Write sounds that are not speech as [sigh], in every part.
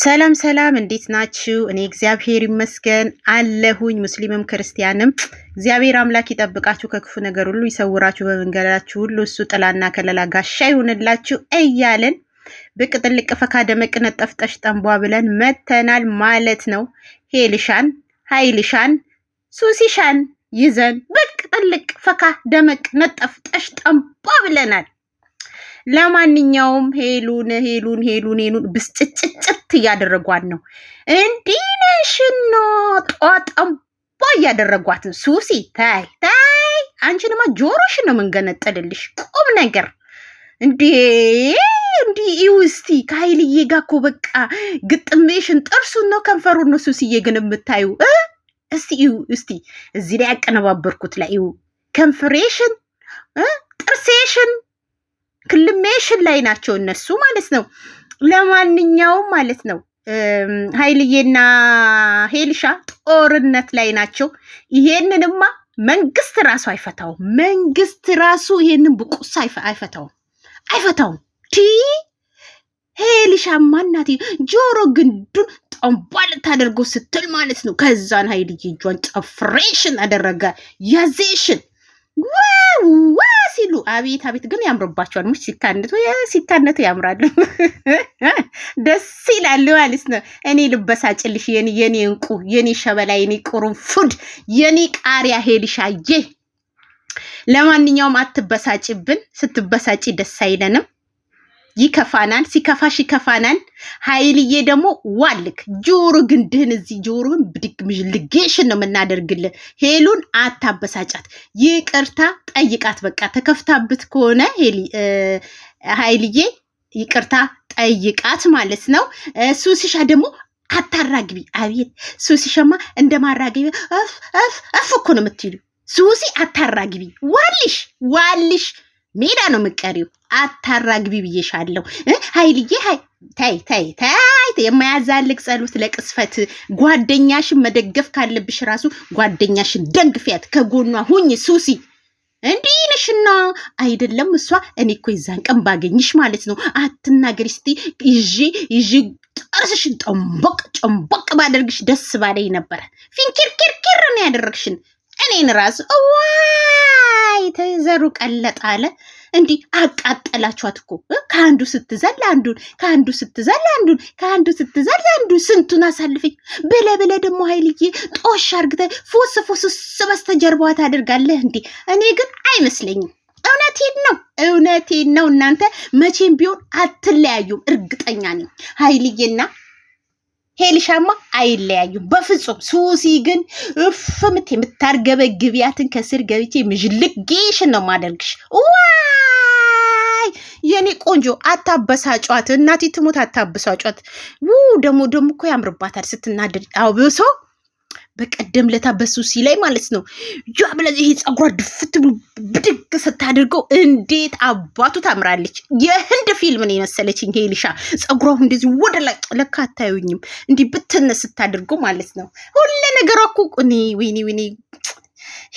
ሰላም ሰላም፣ እንዴት ናችሁ? እኔ እግዚአብሔር ይመስገን አለሁኝ። ሙስሊምም ክርስቲያንም እግዚአብሔር አምላክ ይጠብቃችሁ፣ ከክፉ ነገር ሁሉ ይሰውራችሁ፣ በመንገዳችሁ ሁሉ እሱ ጥላና ከለላ ጋሻ ይሆንላችሁ እያለን ብቅ ጥልቅ ፈካ ደመቅ ነጠፍጠሽ ጠንቧ ብለን መተናል ማለት ነው። ሄልሻን ሀይልሻን ሱሲሻን ይዘን ብቅ ጥልቅ ፈካ ደመቅ ነጠፍጠሽ ጠንቧ ብለናል። ለማንኛውም ሄሉን ሄሉን ሄሉን ሄሉን ብስጭጭጭት እያደረጓት ነው። እንዲህ ነሽኖ ጧጠምቧ እያደረጓት ሱሲ ታይ ታይ፣ አንቺንማ ጆሮሽን ነው የምንገነጠልልሽ። ቁም ነገር እንዴ እንዲ ውስቲ ከሀይልዬ ጋር እኮ በቃ ግጥሜሽን ጥርሱን ነው ከንፈሩን ነው ሱስዬ ግን የምታዩ እስቲ እዩ እስቲ እዚህ ላይ ያቀነባበርኩት ላይ እዩ ከንፍሬሽን ጥርሴሽን አክሽን ላይ ናቸው እነሱ ማለት ነው። ለማንኛውም ማለት ነው ሀይልዬና ሄልሻ ጦርነት ላይ ናቸው። ይሄንንማ መንግስት ራሱ አይፈታውም። መንግስት ራሱ ይሄንን ብቁስ አይፈታውም አይፈታውም። ቲ ሄልሻ ማናት? ጆሮ ግንዱን ጠንቧል ታደርጎ ስትል ማለት ነው። ከዛን ሀይልዬ እጇን ጨፍሬሽን አደረገ ያዜሽን ሲሉ አቤት አቤት ግን ያምርባቸዋል። ሙች ሲካነቱ ሲካነቱ ያምራሉ፣ [laughs] ደስ ይላሉ ማለት ነው። እኔ ልበሳጭልሽ የኔ የኔ እንቁ የኔ ሸበላ የኔ ቁርንፉድ የኔ ቃሪያ ሄልሻዬ። ለማንኛውም አትበሳጭብን፣ ስትበሳጭ ደስ አይለንም። ይከፋናል። ሲከፋሽ ይከፋናል። ሀይልዬ ደግሞ ዋልክ ጆሮ ግንድህን እዚህ ጆሮህን ብድግ ልጌሽን ነው የምናደርግልን። ሄሉን አታበሳጫት፣ ይቅርታ ጠይቃት። በቃ ተከፍታብት ከሆነ ሀይልዬ ይቅርታ ጠይቃት ማለት ነው። ሱሲሻ ደግሞ አታራግቢ። አቤት ሱሲሻማ እንደ ማራግቢ እፍ እፍ እኮ ነው የምትሉ ሱሲ አታራግቢ። ዋልሽ ዋልሽ ሜዳ ነው የምትቀሪው። አታራግቢ ብዬሻለሁ። ሀይልዬ ሀይ ታይ ታይ ታይ የማያዛልቅ ጸሎት ለቅስፈት። ጓደኛሽን መደገፍ ካለብሽ ራሱ ጓደኛሽን ደግፊያት፣ ከጎኗ ሁኝ። ሱሲ እንዲህ ነሽና አይደለም እሷ። እኔ እኮ የዛን ቀን ባገኝሽ ማለት ነው አትናገሪ ስቲ ይዤ ይዤ ጥርስሽን ጠንቦቅ ጨንቦቅ ባደርግሽ ደስ ባለኝ ነበረ። ፊንኪርኪርኪር ነው ያደረግሽን እኔን ራሱ እዋ ዘሩ ቀለጥ አለ። እንዲህ አቃጠላችኋት እኮ ከአንዱ ስትዘል አንዱን፣ ከአንዱ ስትዘል አንዱን፣ ከአንዱ ስትዘል አንዱን፣ ስንቱን አሳልፈኝ ብለ ብለ ደግሞ ኃይልዬ ጦሽ አርግተ ፎስ ፎስ በስተጀርባዋ ታደርጋለህ። እንዲህ እኔ ግን አይመስለኝም። እውነቴን ነው፣ እውነቴን ነው። እናንተ መቼም ቢሆን አትለያዩም፣ እርግጠኛ ነኝ ኃይልዬና ሄልሻማ አይለያዩም በፍጹም። ሱሲ ግን እፍምት የምታርገበ የምታርገበግቢያትን ከስር ገብቼ ምዥልቅ ጌሽን ነው ማደርግሽ። ዋይ የኔ ቆንጆ አታበሳጯት፣ እናቴ ትሞት አታበሳጯት። ው ደግሞ ደግሞ እኮ ያምርባታል ስትናደድ አብሶ በቀደም ለታ በሱሲ ላይ ማለት ነው ያ ብለዚህ ይሄ ፀጉሯ ድፍት ብሎ ብድግ ስታደርገው እንዴት አባቱ ታምራለች። የህንድ ፊልም ፊልምን የመሰለችኝ ሄሊሻ ፀጉሯ እንደዚህ ወደ ላይ ለካ አታዩኝም እንዲህ ብትነ ስታደርገው ማለት ነው ሁለ ነገሯ እኮ እኔ ወይኔ ወይኔ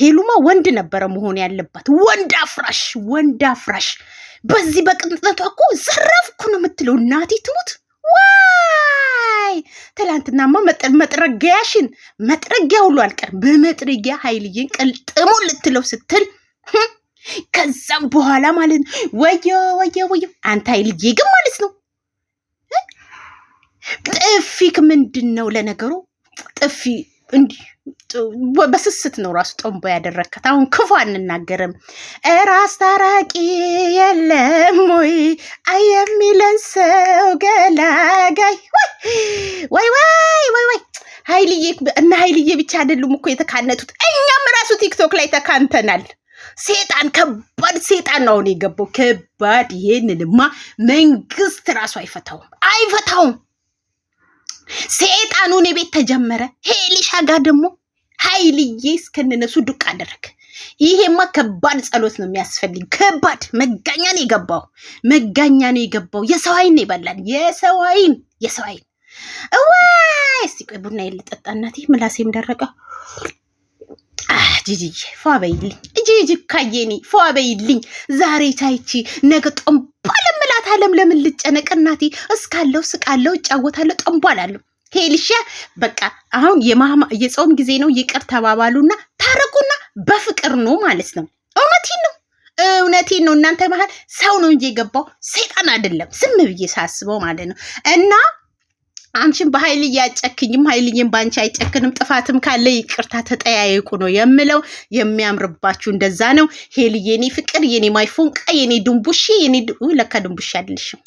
ሄሉማ ወንድ ነበረ መሆን ያለባት ወንድ አፍራሽ ወንድ አፍራሽ። በዚህ በቅንጥነቷ እኮ ዘረፍኩ ነው የምትለው እናቴ ትሙት። ሀይ ትላንትናማ መጥረጊያሽን መጥረጊያ ሁሉ አልቀር በመጥረጊያ ሀይልዬን ቅልጥሙ ልትለው ስትል ከዛም በኋላ ማለት ነው ወዮ ወዮ ወዮ አንተ ሀይልዬ ግን ማለት ነው ጥፊክ ምንድን ነው ለነገሩ ጥፊ እንዲህ በስስት ነው ራሱ ጠንቦ ያደረግከት። አሁን ክፉ አንናገርም። ራስ ታራቂ የለም ወይ አየሚለን ሰው ገላጋይ ወይ ወይ ወይ ወይ ሀይልዬ እና ሀይልዬ ብቻ አይደሉም እኮ የተካነቱት። እኛም ራሱ ቲክቶክ ላይ ተካንተናል። ሴጣን ከባድ ሴጣን ነው አሁን የገባው ከባድ። ይሄንንማ መንግስት ራሱ አይፈታውም አይፈታውም። ሰይጣኑ እኔ ቤት ተጀመረ። ሄሊሻ ጋር ደግሞ ኃይልዬ እስከነነሱ ዱቅ አደረግ። ይሄማ ከባድ ጸሎት ነው የሚያስፈልግ። ከባድ መጋኛ ነው የገባው፣ መጋኛ ነው የገባው። የሰው አይን ነው ይበላል። የሰው አይን፣ የሰው አይን። እዋይ እስቲ ቆይ ቡና የልጠጣ እናቴ፣ ምላሴም ደረቀ። ጂጂዬ ፏ በይልኝ፣ ጂጂ ካየኒ ፏ በይልኝ። ዛሬ ታይቺ ነገ ጦምባለ አልጨነቀ እናቴ እስካለው ስቃለው እጫወታለሁ ጠንቧላለሁ ሄልሽ በቃ አሁን የጾም ጊዜ ነው፣ ይቅር ተባባሉና ታረቁና በፍቅር ነው ማለት ነው። እውነቴን ነው እውነቴን ነው። እናንተ መሀል ሰው ነው እንጂ የገባው ሰይጣን አይደለም፣ ዝም ብዬ ሳስበው ማለት ነው እና አንቺም በኃይል እያጨክኝም ኃይልዬም በአንቺ አይጨክንም። ጥፋትም ካለ ይቅርታ ተጠያየቁ ነው የምለው። የሚያምርባችሁ እንደዛ ነው። ሄል የኔ ፍቅር፣ የኔ ማይፎንቃ፣ የኔ ድንቡሽ፣ የኔ ለካ ድንቡሽ አይደለሽም።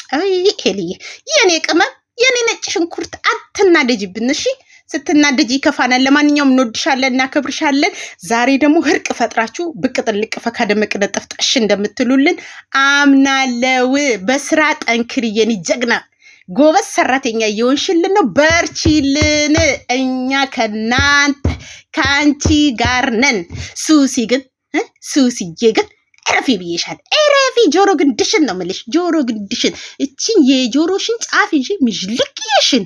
ሄልዬ፣ የኔ ቅመም፣ የኔ ነጭ ሽንኩርት አትናደጅብን እሺ። ስትናደጅ ይከፋናል። ለማንኛውም እንወድሻለን፣ እናከብርሻለን። ዛሬ ደግሞ እርቅ ፈጥራችሁ ብቅ ጥልቅ ፈካ ደመቅ ነጠፍ እንደምትሉልን አምናለው። በስራ ጠንክር የኔ ጀግና ጎበዝ ሰራተኛ እየሆንሽልን ነው። በርቺልን፣ እኛ ከናንተ ከአንቺ ጋር ነን። ሱሲ ግን ሱሲዬ ግን እረፊ ብዬሻል። እረፊ ጆሮ ግንድሽን ነው የምልሽ። ጆሮ ግንድሽን እችን የጆሮሽን ጫፍ ይዤ ምሽልግሽን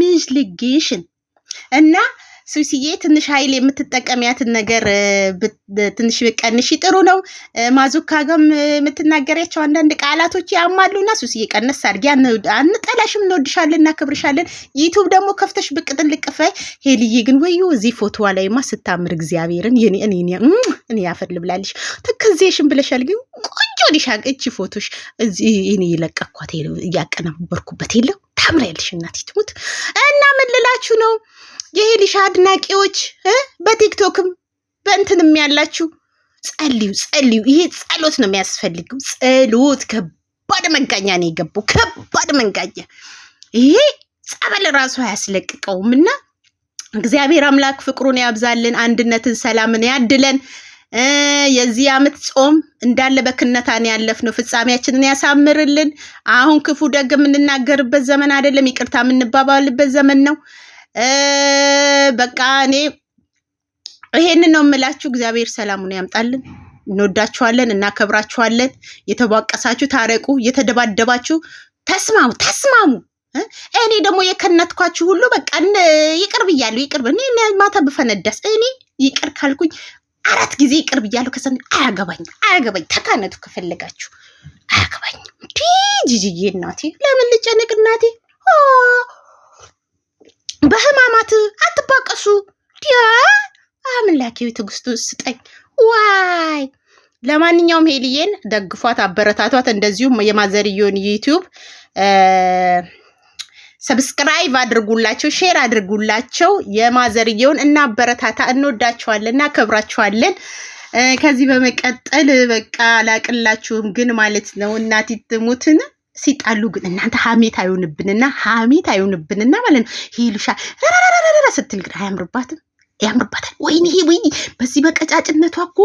ምሽልቅሽን እና ሱሲዬ ትንሽ ኃይል የምትጠቀሚያትን ነገር ትንሽ ቀንሽ ጥሩ ነው። ማዞካ ጋም የምትናገሪያቸው አንዳንድ ቃላቶች ያማሉና ሱሲዬ ቀነስ አድርጊ። አንጠላሽም፣ እንወድሻለን፣ እናከብርሻለን። ዩቱብ ደግሞ ከፍተሽ ብቅ ጥልቅ ፈይ። ሄልዬ ግን ወዩ እዚህ ፎቶዋ ላይማ ስታምር እግዚአብሔርን እኔ ያፈር ልብላለሽ ትክዜሽን ብለሻል። ግን ቆንጆ ሊሻቅ እቺ ፎቶሽ እዚህ እኔ የለቀኳት እያቀናበርኩበት የለም ታምራ ያልሽ እናቴ ትሙት እና ምን ልላችሁ ነው የሄሊሻ አድናቂዎች በቲክቶክም በእንትንም ያላችሁ ጸልዩ፣ ጸልዩ። ይሄ ጸሎት ነው የሚያስፈልገው። ጸሎት ከባድ መንጋኛ ነው የገባው፣ ከባድ መንጋኛ። ይሄ ጸበል ራሱ አያስለቅቀውም እና እግዚአብሔር አምላክ ፍቅሩን ያብዛልን፣ አንድነትን፣ ሰላምን ያድለን። የዚህ ዓመት ጾም እንዳለ በክነታን ነው። ፍጻሜያችንን ያሳምርልን። አሁን ክፉ ደግ የምንናገርበት ዘመን አይደለም፣ ይቅርታ የምንባባልበት ዘመን ነው። በቃ እኔ ይሄንን ነው የምላችሁ። እግዚአብሔር ሰላሙን ያምጣልን። እንወዳችኋለን፣ እናከብራችኋለን። የተቧቀሳችሁ ታረቁ፣ የተደባደባችሁ ተስማሙ፣ ተስማሙ። እኔ ደግሞ የከነትኳችሁ ሁሉ በቃ ይቅር ብያለሁ፣ ይቅር ማታ ብፈነዳስ እኔ ይቅር ካልኩኝ አራት ጊዜ ቅርብ እያለሁ ከሰሚ አያገባኝ አያገባኝ ተካነቱ ከፈለጋችሁ አያገባኝ። ጂጂዬ እናቴ ለምን ልጨነቅ እናቴ? በህማማት አትባቀሱ። ዲያ አምላኬ ትዕግስቱን ስጠኝ። ዋይ ለማንኛውም ሄልዬን ደግፏት፣ አበረታቷት። እንደዚሁም የማዘርየውን ዩቲዩብ ሰብስክራይብ አድርጉላቸው፣ ሼር አድርጉላቸው። የማዘርየውን እና በረታታ እንወዳቸዋለን፣ እናከብራቸዋለን። ከዚህ በመቀጠል በቃ አላቅላችሁም ግን ማለት ነው እናት ትሙትን ሲጣሉ ግን እናንተ ሀሜት አይሆንብንና ሀሜት አይሆንብንና ማለት ነው ሄሉሻ ስትል ግን አያምርባትም ያምርባታል። ይሄ ወይኔ በዚህ በቀጫጭነቷ እኮ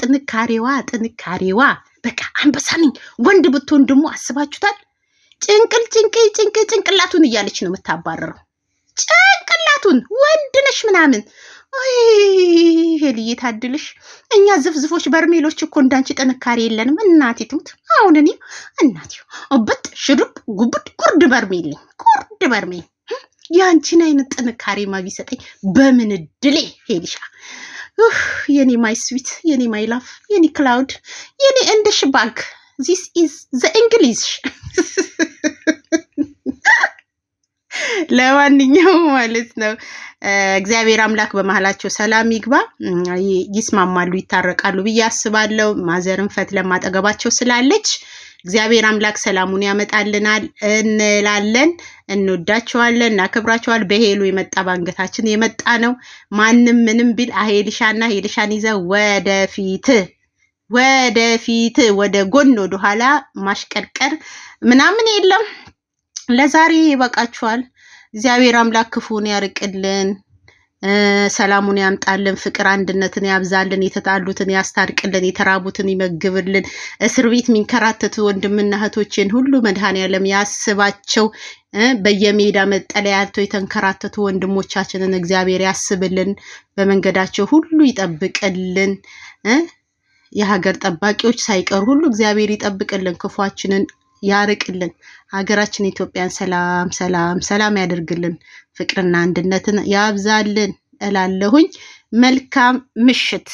ጥንካሬዋ ጥንካሬዋ በቃ አንበሳ ነኝ። ወንድ ብትሆን ደግሞ አስባችሁታል ጭንቅል ጭንቅል ጭንቅል ጭንቅላቱን እያለች ነው የምታባረረው። ጭንቅላቱን ወንድነሽ ምናምን ሄልዬ ታድልሽ። እኛ ዝፍዝፎች በርሜሎች እኮ እንዳንቺ ጥንካሬ የለንም። እናቴ ትሙት። አሁን እኔ እናቴ ብጥ ሽዱብ ጉብድ ጉርድ በርሜል ጉርድ በርሜ የአንቺን አይነት ጥንካሬ ማ ቢሰጠኝ በምን እድሌ ሄልሻ የኔ ማይ ስዊት የኔ ማይ ላፍ የኔ ክላውድ የኔ እንደሽ ባንክ ዚስ ኢዝ ዘ እንግሊሽ ለማንኛውም ማለት ነው እግዚአብሔር አምላክ በመሀላቸው ሰላም ይግባ፣ ይስማማሉ፣ ይታረቃሉ ብዬ አስባለሁ። ማዘርን ፈት ለማጠገባቸው ስላለች እግዚአብሔር አምላክ ሰላሙን ያመጣልናል እንላለን። እንወዳቸዋለን፣ እናከብራቸዋል። በሄሉ የመጣ በአንገታችን የመጣ ነው። ማንም ምንም ቢል አሄልሻና ሄልሻን ይዘ ወደፊት ወደፊት ወደ ጎን ወደኋላ ማሽቀርቀር ምናምን የለም። ለዛሬ ይበቃችኋል። እግዚአብሔር አምላክ ክፉን ያርቅልን፣ ሰላሙን ያምጣልን፣ ፍቅር አንድነትን ያብዛልን፣ የተጣሉትን ያስታርቅልን፣ የተራቡትን ይመግብልን። እስር ቤት የሚንከራተቱ ወንድምና እህቶችን ሁሉ መድኃኔዓለም ያስባቸው። በየሜዳ መጠለያ ያልተው የተንከራተቱ ወንድሞቻችንን እግዚአብሔር ያስብልን፣ በመንገዳቸው ሁሉ ይጠብቅልን። የሀገር ጠባቂዎች ሳይቀሩ ሁሉ እግዚአብሔር ይጠብቅልን ክፏችንን ያርቅልን። ሀገራችን ኢትዮጵያን ሰላም ሰላም ሰላም ያደርግልን፣ ፍቅርና አንድነትን ያብዛልን እላለሁኝ። መልካም ምሽት